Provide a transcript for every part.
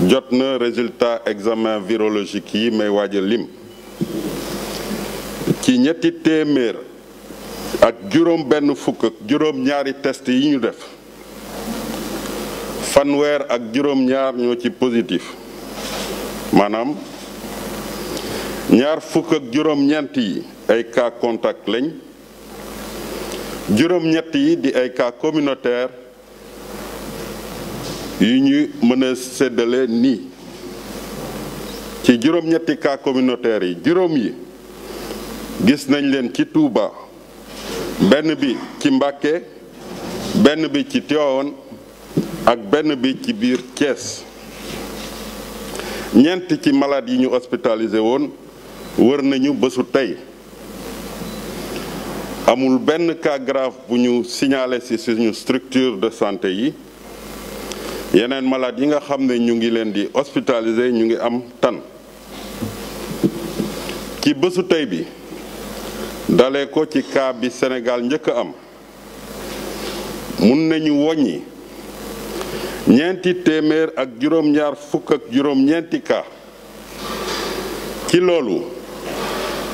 jot na résultat examen virologique yi may waaj a lim ci ñetti téeméer ak juróom benn fukk juróom ñaari test yi ñu def fanweer ak juróom ñaar ñoo ci positif maanaam ñaar fukk juróom ñeent yi ay cas contact lañ juróom ñett yi di ay ka communautaire yi ñu mëna a séddale nii ci juróom-ñetti cas communautaire yi juróom yi gis nañ leen ci Touba benn bi ci Mbacké benn bi ci Tivaouane ak benn bi ci biir Thiès ñeent ci malade yi ñu hospitalisé woon wër nañu bésu tey amul benn cas grave bu ñu signalé ci suñu structure de santé yi yeneen malaat yi nga xam ne ñu ngi leen di hospitalisé ñu ngi am tan ci bésu tey bi dalee ko ci kaa bi Sénégal njëkk am mun nañu woññi ñeenti téeméer ak juróom-ñaar fukk ak juróom-ñeenti cas ci loolu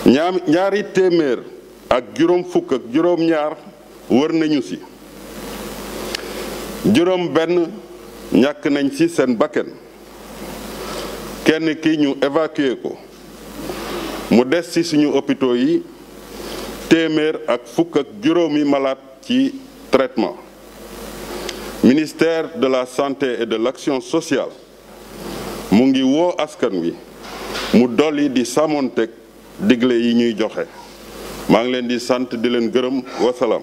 ñaar ñaari téeméer ak juróom fukk ak juróom-ñaar wër nañu si juróom benn ñàkk nañ ci seen bakken kenn ki ñu évacuer ko mu des ci suñu hôpitaux yi téeméer ak fukk ak juróomi malade ci traitement ministère de la santé et de l'action sociale mu ngi woo askan wi mu dolli di sàmmoonteeg digle yi ñuy joxe maa ngi leen di sant di leen gërëm wasalaam